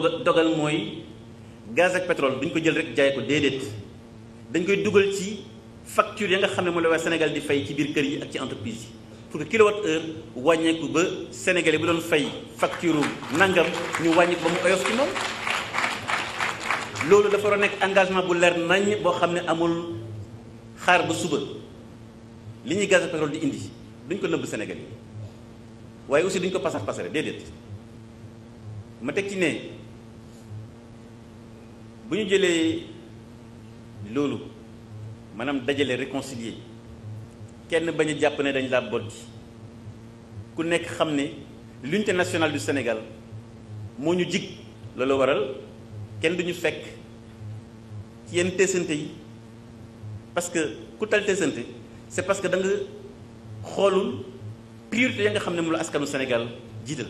togal dogal mooy gaz ak pétrole duñ ko jël rek jaay ko déedéet dañ koy dugal ci facture ya nga xam ne moom la waa Sénégal di fay ci biir kër yi ak ci entreprise yi pour que kilowatt heure wàññeeku ba sénégalais bu doon fay facture nangam ñu wàññeeku ba mu oyof ci moom. loolu dafa war nekk engagement bu leer nañ boo xam ne amul xaar ba suba li ñuy gaz ak pétrole di indi duñ ko nëbb Sénégal yi waaye aussi duñ ko pasar pasare déedéet ma teg ci ne. bu ñu jëlee loolu maanaam dajale réconcilier kenn bañu jàpp ne dañ laa boddi ku nekk xam ne l'unité nationale du Sénégal moo ñu jig loolu waral kenn du ñu fekk ci yenn teesante yi parce que ku tal teesante c'est parce que da nga xoolul priorité ya nga xam ne moom la askanu Sénégal jiital